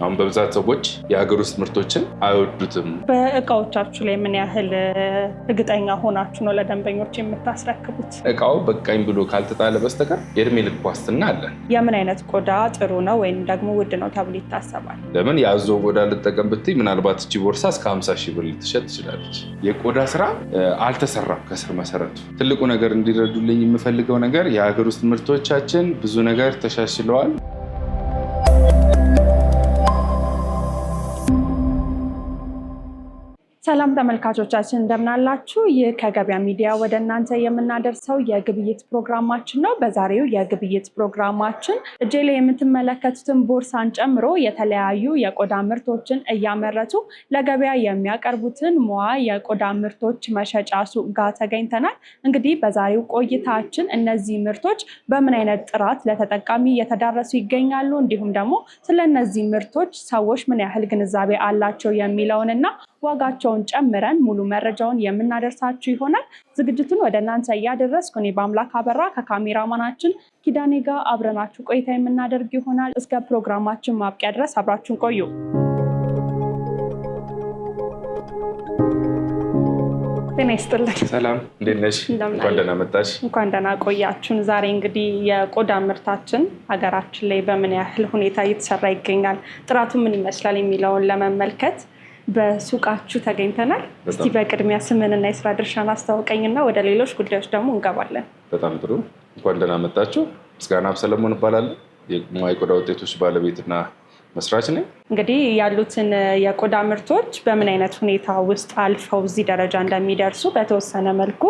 አሁን በብዛት ሰዎች የሀገር ውስጥ ምርቶችን አይወዱትም። በእቃዎቻችሁ ላይ ምን ያህል እርግጠኛ ሆናችሁ ነው ለደንበኞች የምታስረክቡት? እቃው በቃኝ ብሎ ካልተጣለ በስተቀር የእድሜ ልክ ዋስትና አለን። የምን አይነት ቆዳ ጥሩ ነው ወይም ደግሞ ውድ ነው ተብሎ ይታሰባል? ለምን የአዞ ቆዳ ልጠቀም ብትይ ምናልባት እቺ ቦርሳ እስከ 50 ሺህ ብር ልትሸጥ ትችላለች። የቆዳ ስራ አልተሰራም ከስር መሰረቱ። ትልቁ ነገር እንዲረዱልኝ የምፈልገው ነገር የሀገር ውስጥ ምርቶቻችን ብዙ ነገር ተሻሽለዋል። ሰላም ተመልካቾቻችን እንደምናላችሁ። ይህ ከገበያ ሚዲያ ወደ እናንተ የምናደርሰው የግብይት ፕሮግራማችን ነው። በዛሬው የግብይት ፕሮግራማችን እጄ ላይ የምትመለከቱትን ቦርሳን ጨምሮ የተለያዩ የቆዳ ምርቶችን እያመረቱ ለገበያ የሚያቀርቡትን ሙዋ የቆዳ ምርቶች መሸጫ ሱቅ ጋር ተገኝተናል። እንግዲህ በዛሬው ቆይታችን እነዚህ ምርቶች በምን አይነት ጥራት ለተጠቃሚ እየተዳረሱ ይገኛሉ፣ እንዲሁም ደግሞ ስለ እነዚህ ምርቶች ሰዎች ምን ያህል ግንዛቤ አላቸው የሚለውን እና ዋጋቸውን ጨምረን ሙሉ መረጃውን የምናደርሳችሁ ይሆናል። ዝግጅቱን ወደ እናንተ እያደረስኩ እኔ በአምላክ አበራ ከካሜራማናችን ኪዳኔ ጋር አብረናችሁ ቆይታ የምናደርግ ይሆናል። እስከ ፕሮግራማችን ማብቂያ ድረስ አብራችሁን ቆዩ። ጤና ይስጥልን። ሰላም እንዴት ነሽ? እንኳን ደህና መጣሽ። እንኳን ደህና ቆያችሁን። ዛሬ እንግዲህ የቆዳ ምርታችን ሀገራችን ላይ በምን ያህል ሁኔታ እየተሰራ ይገኛል፣ ጥራቱ ምን ይመስላል የሚለውን ለመመልከት በሱቃችሁ ተገኝተናል። እስቲ በቅድሚያ ስምንና የስራ ድርሻን አስታውቀኝና ወደ ሌሎች ጉዳዮች ደግሞ እንገባለን። በጣም ጥሩ። እንኳን ደህና መጣችሁ። ምስጋናም ሰለሞን እባላለሁ። የሙያ ቆዳ ውጤቶች ባለቤትና መስራች ነኝ። እንግዲህ ያሉትን የቆዳ ምርቶች በምን አይነት ሁኔታ ውስጥ አልፈው እዚህ ደረጃ እንደሚደርሱ በተወሰነ መልኩ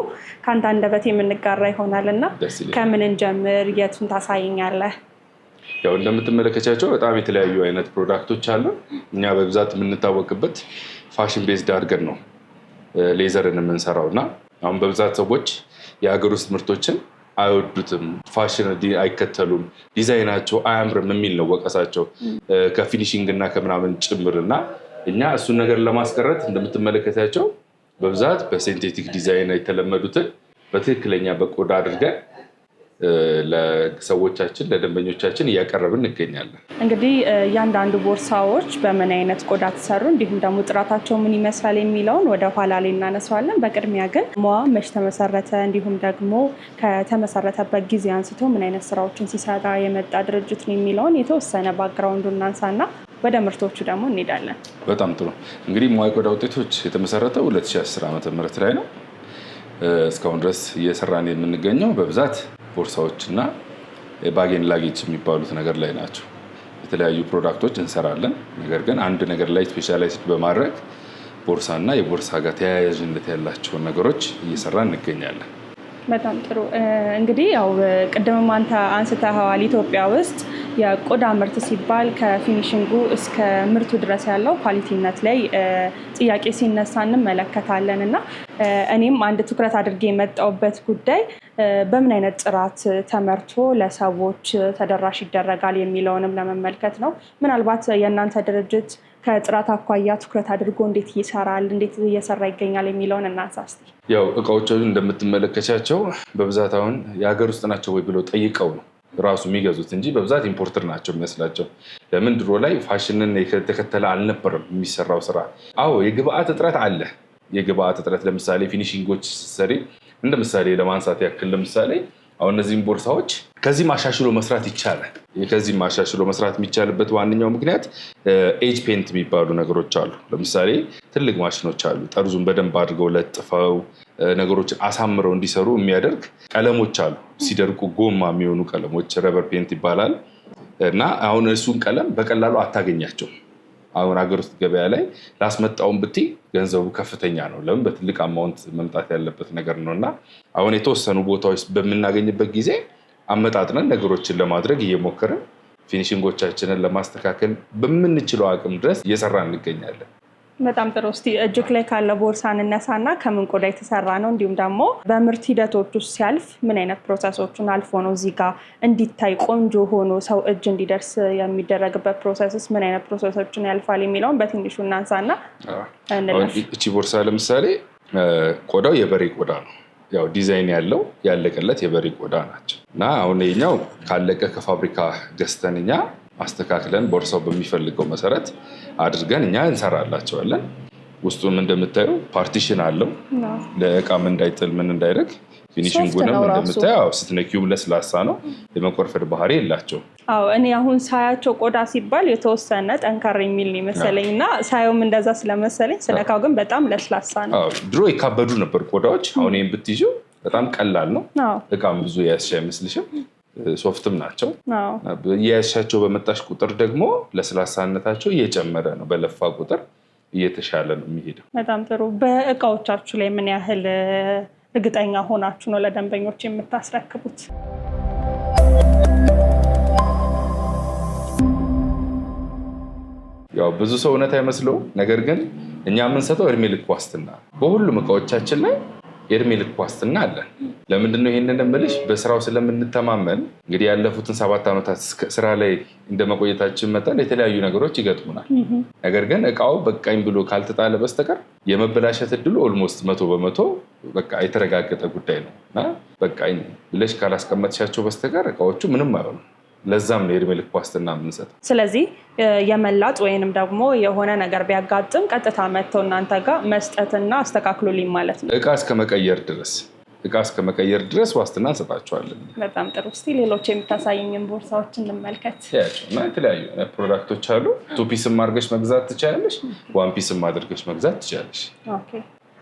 ከአንተ አንደበት የምንጋራ ይሆናል እና ከምን እንጀምር? የቱን ታሳይኛለህ? ያው እንደምትመለከቻቸው በጣም የተለያዩ አይነት ፕሮዳክቶች አሉ። እኛ በብዛት የምንታወቅበት ፋሽን ቤዝድ አድርገን ነው ሌዘርን የምንሰራው እና አሁን በብዛት ሰዎች የሀገር ውስጥ ምርቶችን አይወዱትም፣ ፋሽን አይከተሉም፣ ዲዛይናቸው አያምርም የሚል ነው ወቀሳቸው ከፊኒሽንግ እና ከምናምን ጭምር እና እኛ እሱን ነገር ለማስቀረት እንደምትመለከታቸው በብዛት በሲንቴቲክ ዲዛይን የተለመዱትን በትክክለኛ በቆዳ አድርገን ለሰዎቻችን ለደንበኞቻችን እያቀረብን እንገኛለን። እንግዲህ እያንዳንዱ ቦርሳዎች በምን አይነት ቆዳ ተሰሩ እንዲሁም ደግሞ ጥራታቸው ምን ይመስላል የሚለውን ወደ ኋላ ላይ እናነሳዋለን። በቅድሚያ ግን ሟ መች ተመሰረተ፣ እንዲሁም ደግሞ ከተመሰረተበት ጊዜ አንስቶ ምን አይነት ስራዎችን ሲሰራ የመጣ ድርጅት ነው የሚለውን የተወሰነ ባክግራውንዱ እናንሳና ወደ ምርቶቹ ደግሞ እንሄዳለን። በጣም ጥሩ። እንግዲህ ሟ የቆዳ ውጤቶች የተመሰረተ 2010 ዓ ም ላይ ነው። እስካሁን ድረስ እየሰራን የምንገኘው በብዛት ቦርሳዎችና ባጌን ላጌጅ የሚባሉት ነገር ላይ ናቸው። የተለያዩ ፕሮዳክቶች እንሰራለን። ነገር ግን አንድ ነገር ላይ ስፔሻላይዝድ በማድረግ ቦርሳና የቦርሳ ጋር ተያያዥነት ያላቸውን ነገሮች እየሰራ እንገኛለን። በጣም ጥሩ እንግዲህ ያው ቅድምም አንተ አንስተኸዋል ኢትዮጵያ ውስጥ የቆዳ ምርት ሲባል ከፊኒሽንጉ እስከ ምርቱ ድረስ ያለው ኳሊቲነት ላይ ጥያቄ ሲነሳ እንመለከታለን እና እኔም አንድ ትኩረት አድርጌ የመጣውበት ጉዳይ በምን አይነት ጥራት ተመርቶ ለሰዎች ተደራሽ ይደረጋል የሚለውንም ለመመልከት ነው። ምናልባት የእናንተ ድርጅት ከጥራት አኳያ ትኩረት አድርጎ እንዴት ይሰራል፣ እንዴት እየሰራ ይገኛል የሚለውን እናንሳ እስኪ። ያው እቃዎችን እንደምትመለከቻቸው በብዛት አሁን የሀገር ውስጥ ናቸው ወይ ብለው ጠይቀው ነው ራሱ የሚገዙት እንጂ በብዛት ኢምፖርተር ናቸው የሚመስላቸው። ለምን ድሮ ላይ ፋሽንን የተከተለ አልነበረም የሚሰራው ስራ። አዎ የግብአት እጥረት አለ። የግብአት እጥረት ለምሳሌ ፊኒሽንጎች ስትሰሪ እንደ ምሳሌ ለማንሳት ያክል ለምሳሌ አሁን እነዚህም ቦርሳዎች ከዚህ ማሻሽሎ መስራት ይቻላል። ከዚህ ማሻሽሎ መስራት የሚቻልበት ዋነኛው ምክንያት ኤጅ ፔንት የሚባሉ ነገሮች አሉ። ለምሳሌ ትልቅ ማሽኖች አሉ። ጠርዙን በደንብ አድርገው ለጥፈው ነገሮችን አሳምረው እንዲሰሩ የሚያደርግ ቀለሞች አሉ። ሲደርቁ ጎማ የሚሆኑ ቀለሞች ረበር ፔንት ይባላል እና አሁን እሱን ቀለም በቀላሉ አታገኛቸው። አሁን ሀገር ውስጥ ገበያ ላይ ላስመጣውን ብትይ ገንዘቡ ከፍተኛ ነው። ለምን በትልቅ አማውንት መምጣት ያለበት ነገር ነው እና አሁን የተወሰኑ ቦታዎች በምናገኝበት ጊዜ አመጣጥነን ነገሮችን ለማድረግ እየሞከርን ፊኒሽንጎቻችንን ለማስተካከል በምንችለው አቅም ድረስ እየሰራ እንገኛለን። በጣም ጥሩ። እስቲ እጅግ ላይ ካለ ቦርሳ እንነሳና ከምን ቆዳ የተሰራ ነው? እንዲሁም ደግሞ በምርት ሂደቶች ውስጥ ሲያልፍ ምን አይነት ፕሮሰሶችን አልፎ ነው እዚህ ጋር እንዲታይ ቆንጆ ሆኖ ሰው እጅ እንዲደርስ የሚደረግበት ፕሮሰስስ ምን አይነት ፕሮሰሶችን ያልፋል የሚለውን በትንሹ እናንሳና እቺ ቦርሳ ለምሳሌ ቆዳው የበሬ ቆዳ ነው። ያው ዲዛይን ያለው ያለቀለት የበሬ ቆዳ ናቸው እና አሁን ይኛው ካለቀ ከፋብሪካ ገዝተን እኛ አስተካክለን ቦርሳው በሚፈልገው መሰረት አድርገን እኛ እንሰራላቸዋለን። ውስጡም እንደምታየው ፓርቲሽን አለው ለእቃም እንዳይጥል ምን እንዳይደግ ፊኒሽንጉንም እንደምታየው ስትነኪው ለስላሳ ነው። የመቆርፈድ ባህሪ የላቸው። አዎ እኔ አሁን ሳያቸው ቆዳ ሲባል የተወሰነ ጠንካራ የሚል ነው የመሰለኝ እና ሳየውም እንደዛ ስለመሰለኝ ስነካው ግን በጣም ለስላሳ ነው። ድሮ የካበዱ ነበር ቆዳዎች። አሁን ይህም ብትይዙ በጣም ቀላል ነው። እቃም ብዙ የያዝሽ አይመስልሽም። ሶፍትም ናቸው። የያዝሻቸው በመጣሽ ቁጥር ደግሞ ለስላሳነታቸው እየጨመረ ነው። በለፋ ቁጥር እየተሻለ ነው የሚሄደው። በጣም ጥሩ። በእቃዎቻችሁ ላይ ምን ያህል እርግጠኛ ሆናችሁ ነው ለደንበኞች የምታስረክቡት። ያው ብዙ ሰው እውነት አይመስለው፣ ነገር ግን እኛ የምንሰጠው እድሜ ልክ ዋስትና በሁሉም እቃዎቻችን ላይ የእድሜ ልክ ዋስትና አለን። ለምንድነው ይህንን የምልሽ? በስራው ስለምንተማመን እንግዲህ ያለፉትን ሰባት ዓመታት ስራ ላይ እንደመቆየታችን መጠን የተለያዩ ነገሮች ይገጥሙናል። ነገር ግን እቃው በቃኝ ብሎ ካልተጣለ በስተቀር የመበላሸት እድሉ ኦልሞስት መቶ በመቶ በቃ የተረጋገጠ ጉዳይ ነው እና በቃ ብለሽ ካላስቀመጥሻቸው በስተቀር እቃዎቹ ምንም አይሆኑም። ለዛም ነው የእድሜ ልክ ዋስትና የምንሰጠው ስለዚህ የመላጥ ወይንም ደግሞ የሆነ ነገር ቢያጋጥም ቀጥታ መጥተው እናንተ ጋር መስጠትና አስተካክሉልኝ ማለት ነው። እቃ እስከ መቀየር ድረስ እቃ እስከ መቀየር ድረስ ዋስትና እንሰጣቸዋለን። በጣም ጥሩ። እስኪ ሌሎች የምታሳይኝን ቦርሳዎች እንመልከት። ያቸው እና የተለያዩ ፕሮዳክቶች አሉ። ቱ ፒስም አድርገሽ መግዛት ትችላለሽ፣ ዋን ፒስም አድርገሽ መግዛት ትችላለሽ።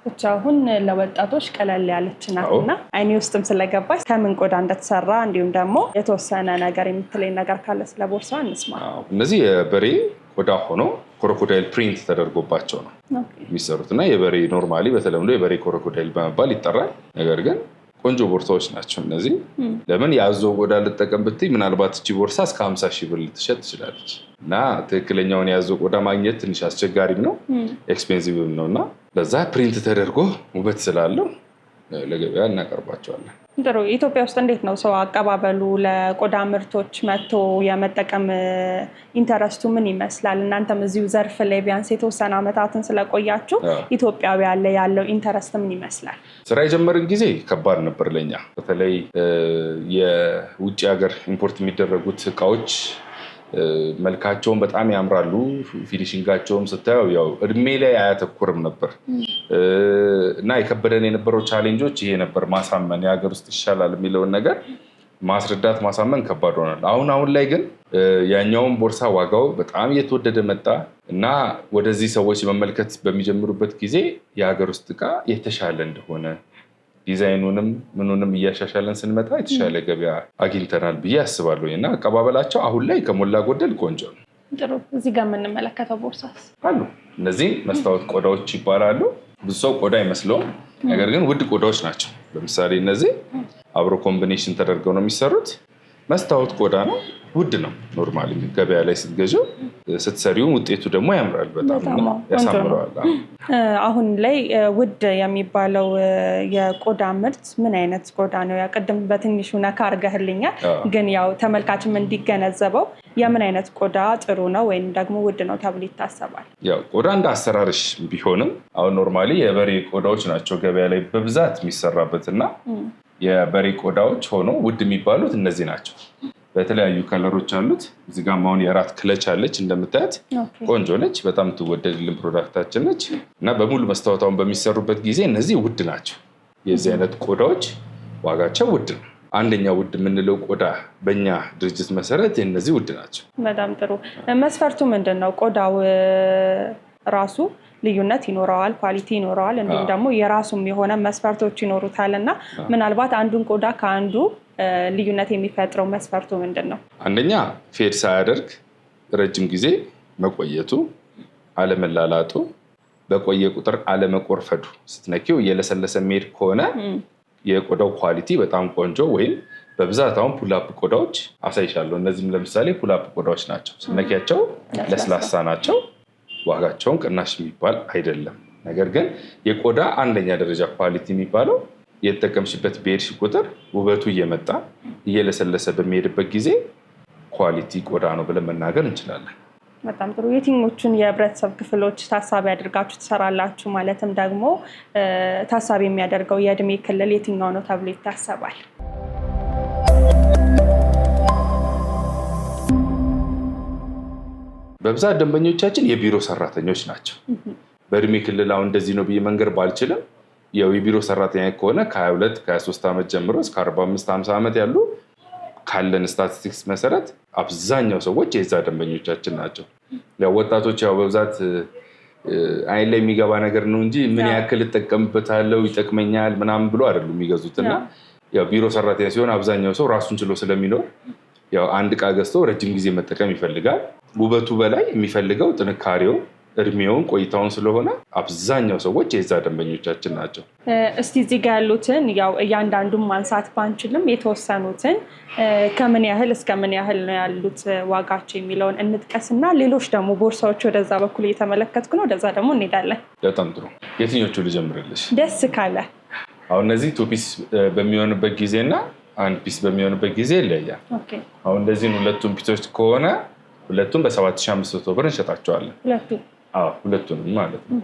ብቻ አሁን ለወጣቶች ቀለል ያለች ናት እና አይኔ ውስጥም ስለገባች ከምን ቆዳ እንደተሰራ እንዲሁም ደግሞ የተወሰነ ነገር የምትለኝ ነገር ካለ ስለ ቦርሳ እንስማ። እነዚህ የበሬ ቆዳ ሆኖ ኮሮኮዳይል ፕሪንት ተደርጎባቸው ነው የሚሰሩት እና የበሬ ኖርማሊ በተለምዶ የበሬ ኮሮኮዳይል በመባል ይጠራል። ነገር ግን ቆንጆ ቦርሳዎች ናቸው እነዚህ። ለምን የአዞ ቆዳ ልጠቀም ብትይ ምናልባት እቺ ቦርሳ እስከ ሀምሳ ሺህ ብር ልትሸጥ ትችላለች እና ትክክለኛውን የአዞ ቆዳ ማግኘት ትንሽ አስቸጋሪም ነው ኤክስፔንሲቭም ነው እና በዛ ፕሪንት ተደርጎ ውበት ስላለው ለገበያ እናቀርባቸዋለን። ጥሩ። ኢትዮጵያ ውስጥ እንዴት ነው ሰው አቀባበሉ ለቆዳ ምርቶች መጥቶ የመጠቀም ኢንተረስቱ ምን ይመስላል? እናንተም እዚሁ ዘርፍ ላይ ቢያንስ የተወሰነ ዓመታትን ስለቆያችሁ ኢትዮጵያዊ ያለ ያለው ኢንተረስት ምን ይመስላል? ስራ የጀመርን ጊዜ ከባድ ነበር ለኛ። በተለይ የውጭ ሀገር ኢምፖርት የሚደረጉት እቃዎች መልካቸውን በጣም ያምራሉ። ፊኒሽንጋቸውም ስታየው ያው እድሜ ላይ አያተኩርም ነበር እና የከበደን የነበረው ቻሌንጆች ይሄ ነበር፣ ማሳመን የሀገር ውስጥ ይሻላል የሚለውን ነገር ማስረዳት ማሳመን ከባድ ሆናል። አሁን አሁን ላይ ግን ያኛውን ቦርሳ ዋጋው በጣም እየተወደደ መጣ እና ወደዚህ ሰዎች መመልከት በሚጀምሩበት ጊዜ የሀገር ውስጥ እቃ የተሻለ እንደሆነ ዲዛይኑንም ምኑንም እያሻሻለን ስንመጣ የተሻለ ገበያ አግኝተናል ብዬ አስባለሁ እና አቀባበላቸው አሁን ላይ ከሞላ ጎደል ቆንጆ ነው። ጥሩ። እዚህ ጋር የምንመለከተው ቦርሳስ አሉ። እነዚህ መስታወት ቆዳዎች ይባላሉ። ብዙ ሰው ቆዳ አይመስለውም፣ ነገር ግን ውድ ቆዳዎች ናቸው። ለምሳሌ እነዚህ አብሮ ኮምቢኔሽን ተደርገው ነው የሚሰሩት። መስታወት ቆዳ ነው፣ ውድ ነው። ኖርማሊ ገበያ ላይ ስትገዙ ስትሰሪውም ውጤቱ ደግሞ ያምራል፣ በጣም ያሳምረዋል። አሁን ላይ ውድ የሚባለው የቆዳ ምርት ምን አይነት ቆዳ ነው? ያው በትንሹ ነካ አርገህልኛል፣ ግን ያው ተመልካችም እንዲገነዘበው የምን አይነት ቆዳ ጥሩ ነው ወይም ደግሞ ውድ ነው ተብሎ ይታሰባል? ያው ቆዳ እንደ አሰራርሽ ቢሆንም አሁን ኖርማሊ የበሬ ቆዳዎች ናቸው ገበያ ላይ በብዛት የሚሰራበት እና የበሬ ቆዳዎች ሆኖ ውድ የሚባሉት እነዚህ ናቸው። በተለያዩ ከለሮች አሉት። እዚህ ጋር አሁን የራት ክለች አለች እንደምታያት ቆንጆ ነች። በጣም ትወደድልን ፕሮዳክታችን ነች እና በሙሉ መስታወታውን በሚሰሩበት ጊዜ እነዚህ ውድ ናቸው። የዚህ አይነት ቆዳዎች ዋጋቸው ውድ ነው። አንደኛ ውድ የምንለው ቆዳ በእኛ ድርጅት መሰረት እነዚህ ውድ ናቸው። በጣም ጥሩ። መስፈርቱ ምንድን ነው? ቆዳው ራሱ ልዩነት ይኖረዋል፣ ኳሊቲ ይኖረዋል፣ እንዲሁም ደግሞ የራሱም የሆነ መስፈርቶች ይኖሩታል እና ምናልባት አንዱን ቆዳ ከአንዱ ልዩነት የሚፈጥረው መስፈርቱ ምንድን ነው? አንደኛ ፌድ ሳያደርግ ረጅም ጊዜ መቆየቱ፣ አለመላላጡ፣ በቆየ ቁጥር አለመቆርፈዱ፣ ስትነኪው እየለሰለሰ መሄድ ከሆነ የቆዳው ኳሊቲ በጣም ቆንጆ ወይም በብዛት አሁን ፑላፕ ቆዳዎች አሳይሻለሁ። እነዚህም ለምሳሌ ፑላፕ ቆዳዎች ናቸው። ስነኪያቸው ለስላሳ ናቸው። ዋጋቸውን ቅናሽ የሚባል አይደለም። ነገር ግን የቆዳ አንደኛ ደረጃ ኳሊቲ የሚባለው የተጠቀምሽበት በሄድሽ ቁጥር ውበቱ እየመጣ እየለሰለሰ በሚሄድበት ጊዜ ኳሊቲ ቆዳ ነው ብለን መናገር እንችላለን። በጣም ጥሩ። የትኞቹን የህብረተሰብ ክፍሎች ታሳቢ አድርጋችሁ ትሰራላችሁ? ማለትም ደግሞ ታሳቢ የሚያደርገው የእድሜ ክልል የትኛው ነው ተብሎ ይታሰባል? በብዛት ደንበኞቻችን የቢሮ ሰራተኞች ናቸው። በእድሜ ክልል አሁን እንደዚህ ነው ብዬ መንገር ባልችልም የቢሮ ሰራተኛ ከሆነ ከ22 ከ23 ዓመት ጀምሮ እስከ 45 50 ዓመት ያሉ ካለን ስታቲስቲክስ መሰረት አብዛኛው ሰዎች የዛ ደንበኞቻችን ናቸው። ወጣቶች ያው በብዛት አይን ላይ የሚገባ ነገር ነው እንጂ ምን ያክል እጠቀምበታለው ይጠቅመኛል ምናምን ብሎ አይደሉም የሚገዙት እና ቢሮ ሰራተኛ ሲሆን አብዛኛው ሰው ራሱን ችሎ ስለሚኖር ያው አንድ እቃ ገዝቶ ረጅም ጊዜ መጠቀም ይፈልጋል። ውበቱ በላይ የሚፈልገው ጥንካሬው እድሜውን ቆይታውን ስለሆነ አብዛኛው ሰዎች የዛ ደንበኞቻችን ናቸው። እስቲ እዚህ ጋ ያሉትን ያው እያንዳንዱን ማንሳት ባንችልም የተወሰኑትን ከምን ያህል እስከ ምን ያህል ነው ያሉት ዋጋቸው የሚለውን እንጥቀስ እና ሌሎች ደግሞ ቦርሳዎች ወደዛ በኩል እየተመለከትኩ ነው። ወደዛ ደግሞ እንሄዳለን። በጣም ጥሩ። የትኞቹ ልጀምርልሽ? ደስ ካለ አሁን እነዚህ ቱ ፒስ በሚሆንበት ጊዜና አንድ ፒስ በሚሆንበት ጊዜ ይለያል። አሁን እነዚህን ሁለቱን ፒሶች ከሆነ ሁለቱም በ7500 ብር እንሸጣቸዋለን። ሁለቱንም ማለት ነው።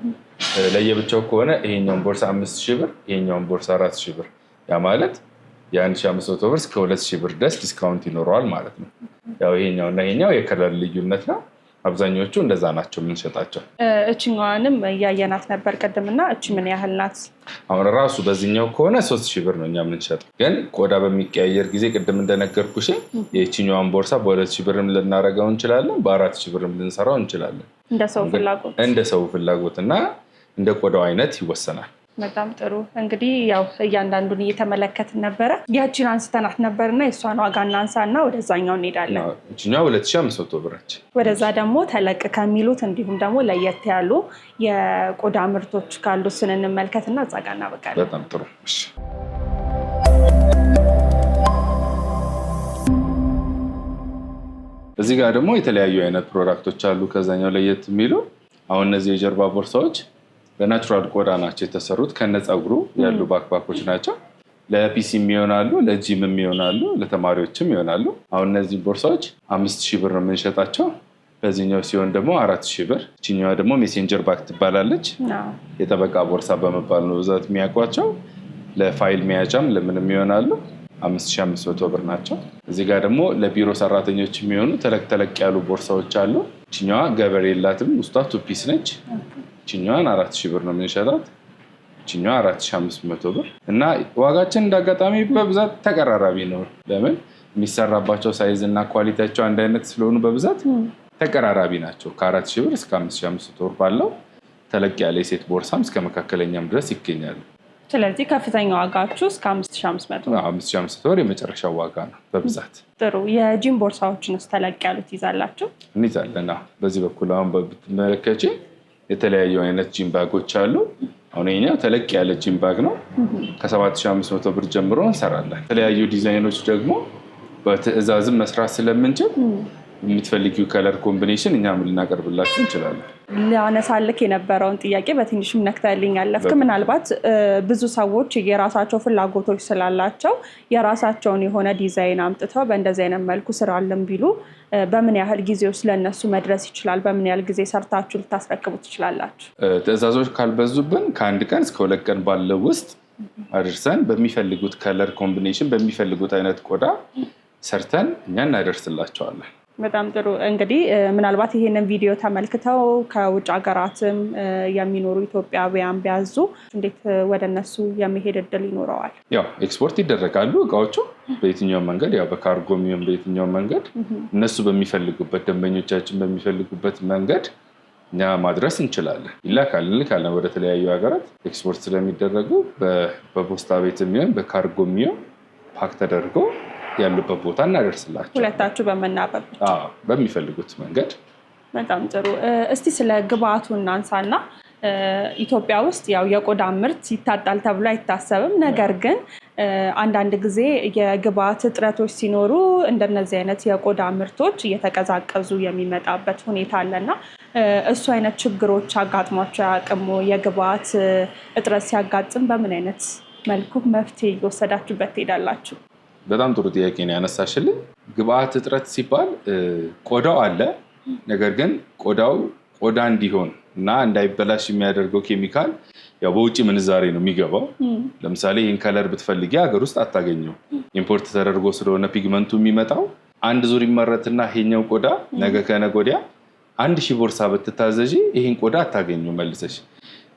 ለየብቻው ከሆነ ይሄኛውን ቦርሳ አምስት ሺህ ብር ይሄኛውን ቦርሳ አራት ሺህ ብር ያ ማለት የአንድ ሺህ አምስት መቶ ብር እስከ ሁለት ሺህ ብር ድረስ ዲስካውንት ይኖረዋል ማለት ነው። ያው ይሄኛው እና ይሄኛው የከለር ልዩነት ነው። አብዛኞቹ እንደዛ ናቸው የምንሸጣቸው። እችኛዋንም እያየናት ነበር ቅድምና እች ምን ያህል ናት? አሁን ራሱ በዚህኛው ከሆነ ሶስት ሺህ ብር ነው እኛ የምንሸጠው። ግን ቆዳ በሚቀያየር ጊዜ ቅድም እንደነገርኩሽ የችኛዋን ቦርሳ በሁለት ሺህ ብርም ልናረገው እንችላለን፣ በአራት ሺህ ብርም ልንሰራው እንችላለን። እንደ ሰው ፍላጎት እንደ ሰው ፍላጎት እና እንደ ቆዳው አይነት ይወሰናል። በጣም ጥሩ እንግዲህ ያው እያንዳንዱን እየተመለከትን ነበረ። ያችን አንስተናት ነበር እና የእሷን ዋጋ እናንሳ እና ወደዛኛው እንሄዳለን። እችኛ ሁለት አምስት መቶ ወደዛ ደግሞ ተለቅ ከሚሉት እንዲሁም ደግሞ ለየት ያሉ የቆዳ ምርቶች ካሉ እሱን እንመልከት እና እዛ ጋ እናበቃለን። በጣም ጥሩ እዚህ ጋር ደግሞ የተለያዩ አይነት ፕሮዳክቶች አሉ። ከዛኛው ለየት የሚሉ አሁን እነዚህ የጀርባ ቦርሳዎች በናቹራል ቆዳ ናቸው የተሰሩት ከነ ጸጉሩ ያሉ ባክባኮች ናቸው። ለፒሲም ይሆናሉ፣ ለጂምም ይሆናሉ፣ ለተማሪዎችም ይሆናሉ። አሁን እነዚህ ቦርሳዎች አምስት ሺህ ብር ነው የምንሸጣቸው። በዚህኛው ሲሆን ደግሞ አራት ሺህ ብር። ችኛዋ ደግሞ ሜሴንጀር ባክ ትባላለች። የጠበቃ ቦርሳ በመባል ነው ብዛት የሚያውቋቸው። ለፋይል መያዣም ለምንም ይሆናሉ። አምስት ሺህ አምስት መቶ ብር ናቸው። እዚህ ጋር ደግሞ ለቢሮ ሰራተኞች የሚሆኑ ተለቅ ተለቅ ያሉ ቦርሳዎች አሉ። ችኛዋ ገበር የላትም ውስጧ ቱፒስ ነች። ችኛዋን አራት ሺህ ብር ነው የምንሸጣት። ችኛዋ አራት ሺህ አምስት መቶ ብር እና ዋጋችን እንዳጋጣሚ በብዛት ተቀራራቢ ነው። ለምን የሚሰራባቸው ሳይዝ እና ኳሊቲያቸው አንድ አይነት ስለሆኑ በብዛት ተቀራራቢ ናቸው። ከአራት ሺህ ብር እስከ አምስት ሺህ አምስት መቶ ብር ባለው ተለቅ ያለ የሴት ቦርሳም እስከ መካከለኛም ድረስ ይገኛሉ። ስለዚህ ከፍተኛ ዋጋችሁ እስከ አምስት ሺ አምስት መቶ አምስት ሺ አምስት መቶ ብር የመጨረሻው ዋጋ ነው በብዛት ጥሩ የጂም ቦርሳዎችን ተለቅ ያሉት ይዛላችሁ እንይዛለና በዚህ በኩል አሁን በምትመለከች የተለያዩ አይነት ጂም ባጎች አሉ አሁን የእኛ ተለቅ ያለ ጂም ባግ ነው ከሰባት ሺህ አምስት መቶ ብር ጀምሮ እንሰራለን የተለያዩ ዲዛይኖች ደግሞ በትእዛዝም መስራት ስለምንችል የምትፈልጊው ከለር ኮምቢኔሽን እኛም ልናቀርብላችሁ እንችላለን ላነሳልክ የነበረውን ጥያቄ በትንሽም ነክተልኝ ያለፍክ። ምናልባት ብዙ ሰዎች የራሳቸው ፍላጎቶች ስላላቸው የራሳቸውን የሆነ ዲዛይን አምጥተው በእንደዚህ አይነት መልኩ ስራለን ቢሉ በምን ያህል ጊዜ ውስጥ ለእነሱ መድረስ ይችላል? በምን ያህል ጊዜ ሰርታችሁ ልታስረክቡ ትችላላችሁ? ትዕዛዞች ካልበዙብን ከአንድ ቀን እስከ ሁለት ቀን ባለው ውስጥ አድርሰን በሚፈልጉት ከለር ኮምቢኔሽን በሚፈልጉት አይነት ቆዳ ሰርተን እኛ እናደርስላቸዋለን። በጣም ጥሩ እንግዲህ ምናልባት ይሄንን ቪዲዮ ተመልክተው ከውጭ ሀገራትም የሚኖሩ ኢትዮጵያውያን ቢያዙ እንዴት ወደ እነሱ የሚሄድ እድል ይኖረዋል? ያው ኤክስፖርት ይደረጋሉ እቃዎቹ በየትኛውም መንገድ ያው በካርጎ የሚሆን በየትኛውም መንገድ እነሱ በሚፈልጉበት ደንበኞቻችን በሚፈልጉበት መንገድ እኛ ማድረስ እንችላለን። ይላካል እንልካለን ወደ ተለያዩ ሀገራት ኤክስፖርት ስለሚደረጉ በፖስታ ቤት የሚሆን በካርጎ የሚሆን ፓክ ተደርገው ያሉበት ቦታ እናደርስላቸው ሁለታችሁ በምናበብ በሚፈልጉት መንገድ። በጣም ጥሩ። እስቲ ስለ ግብአቱ እናንሳና ኢትዮጵያ ውስጥ ያው የቆዳ ምርት ይታጣል ተብሎ አይታሰብም። ነገር ግን አንዳንድ ጊዜ የግብአት እጥረቶች ሲኖሩ እንደነዚህ አይነት የቆዳ ምርቶች እየተቀዛቀዙ የሚመጣበት ሁኔታ አለና እሱ አይነት ችግሮች አጋጥሟቸው ያቅሙ የግብአት እጥረት ሲያጋጥም በምን አይነት መልኩ መፍትሄ እየወሰዳችሁበት ትሄዳላችሁ? በጣም ጥሩ ጥያቄ ነው ያነሳሽልን። ግብአት እጥረት ሲባል ቆዳው አለ። ነገር ግን ቆዳው ቆዳ እንዲሆን እና እንዳይበላሽ የሚያደርገው ኬሚካል ያው በውጭ ምንዛሬ ነው የሚገባው። ለምሳሌ ይህን ከለር ብትፈልጊ ሀገር ውስጥ አታገኘው። ኢምፖርት ተደርጎ ስለሆነ ፒግመንቱ የሚመጣው አንድ ዙር ይመረትና ይሄኛው ቆዳ ነገ ከነገ ወዲያ አንድ ሺህ ቦርሳ ብትታዘዥ ይህን ቆዳ አታገኘው መልሰሽ።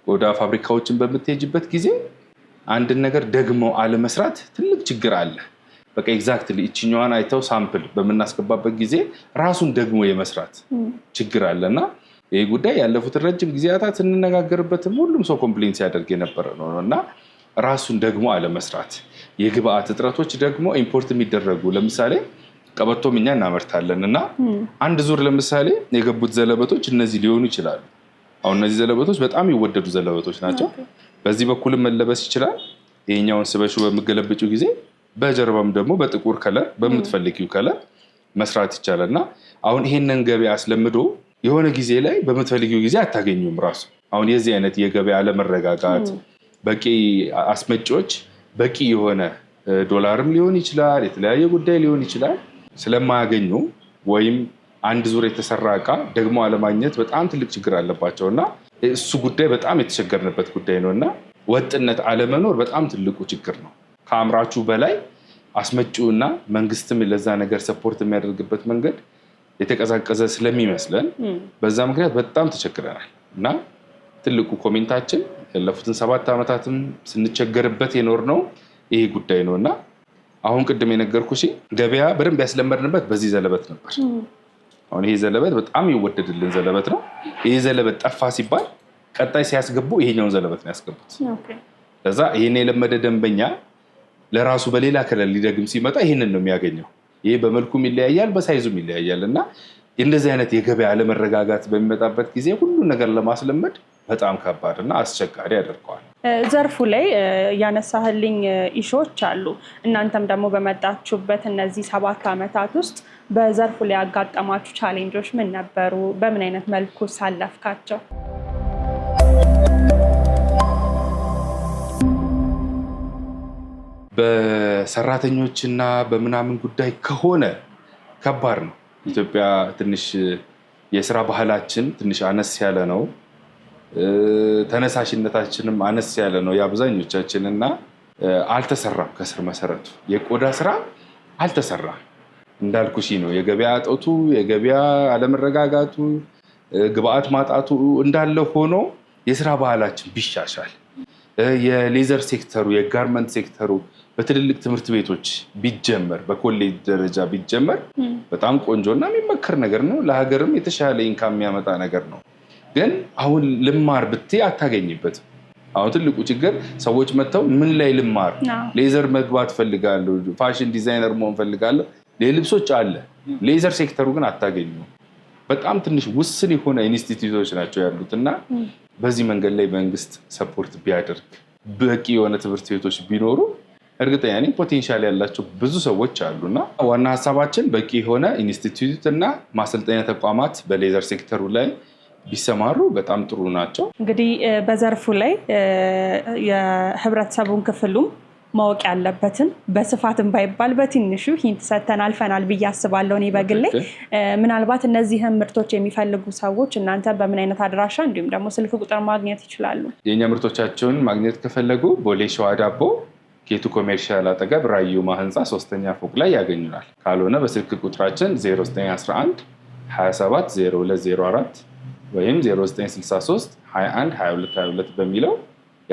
ቆዳ ፋብሪካዎችን በምትሄጅበት ጊዜ አንድን ነገር ደግሞ አለመስራት ትልቅ ችግር አለ። በቃ ኤግዛክትሊ እችኛዋን አይተው ሳምፕል በምናስገባበት ጊዜ ራሱን ደግሞ የመስራት ችግር አለ እና ይህ ጉዳይ ያለፉትን ረጅም ጊዜያታት ስንነጋገርበትም ሁሉም ሰው ኮምፕሌን ሲያደርግ የነበረ ነው እና ራሱን ደግሞ አለመስራት፣ የግብአት እጥረቶች ደግሞ ኢምፖርት የሚደረጉ ለምሳሌ ቀበቶም እኛ እናመርታለን እና አንድ ዙር ለምሳሌ የገቡት ዘለበቶች እነዚህ ሊሆኑ ይችላሉ። አሁን እነዚህ ዘለበቶች በጣም ይወደዱ ዘለበቶች ናቸው። በዚህ በኩልም መለበስ ይችላል። ይሄኛውን ስበሹ በምገለብጩ ጊዜ በጀርባም ደግሞ በጥቁር ከለር በምትፈልጊው ከለር መስራት ይቻላል እና አሁን ይሄንን ገበያ አስለምዶ የሆነ ጊዜ ላይ በምትፈልጊው ጊዜ አታገኙም። ራሱ አሁን የዚህ አይነት የገበያ አለመረጋጋት በቂ አስመጪዎች በቂ የሆነ ዶላርም ሊሆን ይችላል፣ የተለያየ ጉዳይ ሊሆን ይችላል ስለማያገኙ ወይም አንድ ዙር የተሰራ እቃ ደግሞ አለማግኘት በጣም ትልቅ ችግር አለባቸው እና እሱ ጉዳይ በጣም የተቸገርንበት ጉዳይ ነው እና ወጥነት አለመኖር በጣም ትልቁ ችግር ነው። ከአምራቹ በላይ አስመጪውና መንግስትም ለዛ ነገር ሰፖርት የሚያደርግበት መንገድ የተቀዛቀዘ ስለሚመስለን በዛ ምክንያት በጣም ተቸግረናል እና ትልቁ ኮሜንታችን ያለፉትን ሰባት ዓመታትም ስንቸገርበት ነው ይሄ ጉዳይ ነው እና አሁን ቅድም የነገርኩ ገበያ በደንብ ያስለመድንበት በዚህ ዘለበት ነበር። አሁን ይሄ ዘለበት በጣም ይወደድልን ዘለበት ነው። ይሄ ዘለበት ጠፋ ሲባል ቀጣይ ሲያስገቡ ይሄኛውን ዘለበት ነው ያስገቡት። ለዛ ይህን የለመደ ደንበኛ ለራሱ በሌላ ከለር ሊደግም ሲመጣ ይህንን ነው የሚያገኘው። ይሄ በመልኩም ይለያያል፣ በሳይዙም ይለያያል እና እንደዚህ አይነት የገበያ አለመረጋጋት በሚመጣበት ጊዜ ሁሉን ነገር ለማስለመድ በጣም ከባድ እና አስቸጋሪ ያደርገዋል። ዘርፉ ላይ ያነሳህልኝ ኢሾች አሉ። እናንተም ደግሞ በመጣችሁበት እነዚህ ሰባት ዓመታት ውስጥ በዘርፉ ላይ ያጋጠማችሁ ቻሌንጆች ምን ነበሩ? በምን አይነት መልኩ ሳለፍካቸው? እና በምናምን ጉዳይ ከሆነ ከባድ ነው። ኢትዮጵያ ትንሽ የስራ ባህላችን ትንሽ አነስ ያለ ነው። ተነሳሽነታችንም አነስ ያለ ነው የአብዛኞቻችን እና አልተሰራም። ከስር መሰረቱ የቆዳ ስራ አልተሰራም። እንዳልኩሽ ነው የገበያ እጦቱ፣ የገበያ አለመረጋጋቱ፣ ግብአት ማጣቱ እንዳለ ሆኖ የስራ ባህላችን ቢሻሻል የሌዘር ሴክተሩ የጋርመንት ሴክተሩ በትልልቅ ትምህርት ቤቶች ቢጀመር በኮሌጅ ደረጃ ቢጀመር በጣም ቆንጆ እና የሚመከር ነገር ነው። ለሀገርም የተሻለ ኢንካም የሚያመጣ ነገር ነው። ግን አሁን ልማር ብቴ አታገኝበትም። አሁን ትልቁ ችግር ሰዎች መጥተው ምን ላይ ልማር፣ ሌዘር መግባት ፈልጋለሁ፣ ፋሽን ዲዛይነር መሆን ፈልጋለሁ፣ ልብሶች አለ። ሌዘር ሴክተሩ ግን አታገኙ። በጣም ትንሽ ውስን የሆነ ኢንስቲትዩቶች ናቸው ያሉት እና በዚህ መንገድ ላይ መንግስት ሰፖርት ቢያደርግ በቂ የሆነ ትምህርት ቤቶች ቢኖሩ እርግጠኛ ነኝ ፖቴንሻል ያላቸው ብዙ ሰዎች አሉና ዋና ሀሳባችን በቂ የሆነ ኢንስቲትዩት እና ማሰልጠኛ ተቋማት በሌዘር ሴክተሩ ላይ ቢሰማሩ በጣም ጥሩ ናቸው። እንግዲህ በዘርፉ ላይ የህብረተሰቡን ክፍሉም ማወቅ ያለበትን በስፋትም ባይባል በትንሹ ሂንት ሰተን አልፈናል ብዬ አስባለሁ። እኔ በግሌ ምናልባት እነዚህን ምርቶች የሚፈልጉ ሰዎች እናንተ በምን አይነት አድራሻ እንዲሁም ደግሞ ስልክ ቁጥር ማግኘት ይችላሉ? የእኛ ምርቶቻቸውን ማግኘት ከፈለጉ ቦሌ ሸዋ ዳቦ ጌቱ ኮሜርሻል አጠገብ ራዩማ ህንፃ ሶስተኛ ፎቅ ላይ ያገኙናል። ካልሆነ በስልክ ቁጥራችን 0911 270204 ወይም 0963 21 በሚለው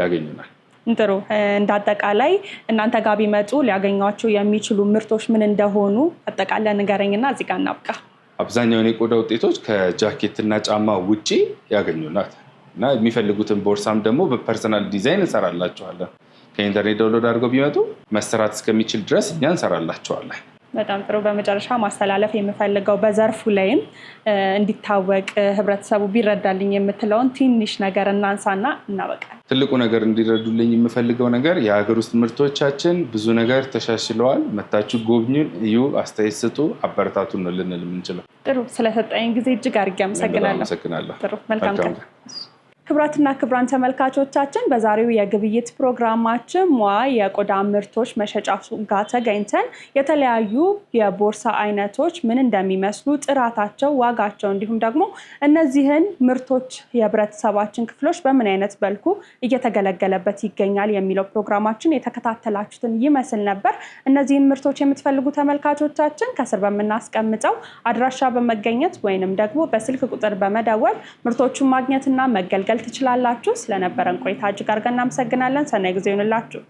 ያገኙናል። ጥሩ። እንደ አጠቃላይ እናንተ ጋር ቢመጡ ሊያገኟቸው የሚችሉ ምርቶች ምን እንደሆኑ አጠቃላይ ንገረኝና እዚህ ጋር እናብቃ። አብዛኛውን የቆዳ ውጤቶች ከጃኬትና ጫማ ውጪ ያገኙናት እና የሚፈልጉትን ቦርሳም ደግሞ በፐርሰናል ዲዛይን እንሰራላቸዋለን። ከኢንተርኔት ዳውንሎድ አድርገው ቢመጡ መሰራት እስከሚችል ድረስ እኛ እንሰራላቸዋለን። በጣም ጥሩ። በመጨረሻ ማስተላለፍ የምፈልገው በዘርፉ ላይም እንዲታወቅ ህብረተሰቡ ቢረዳልኝ የምትለውን ትንሽ ነገር እናንሳና እናበቃል። ትልቁ ነገር እንዲረዱልኝ የምፈልገው ነገር የሀገር ውስጥ ምርቶቻችን ብዙ ነገር ተሻሽለዋል። መታችሁ ጎብኙን፣ እዩ፣ አስተያየት ስጡ፣ አበረታቱን ነው ልንል የምንችለው። ጥሩ። ስለሰጠኝ ጊዜ እጅግ አድርጌ አመሰግናለሁ። ጥሩ። መልካም ቀን። ክብራትና ክብራን ተመልካቾቻችን በዛሬው የግብይት ፕሮግራማችን ሟ የቆዳ ምርቶች መሸጫ ጋር ተገኝተን የተለያዩ የቦርሳ አይነቶች ምን እንደሚመስሉ፣ ጥራታቸው፣ ዋጋቸው እንዲሁም ደግሞ እነዚህን ምርቶች የህብረተሰባችን ክፍሎች በምን አይነት መልኩ እየተገለገለበት ይገኛል የሚለው ፕሮግራማችን የተከታተላችሁትን ይመስል ነበር። እነዚህን ምርቶች የምትፈልጉ ተመልካቾቻችን ከስር በምናስቀምጠው አድራሻ በመገኘት ወይንም ደግሞ በስልክ ቁጥር በመደወል ምርቶቹን ማግኘትና መገልገል ማገልገል ትችላላችሁ። ስለነበረን ቆይታ እጅግ አድርገን እናመሰግናለን። ሰናይ ጊዜ ይሁንላችሁ።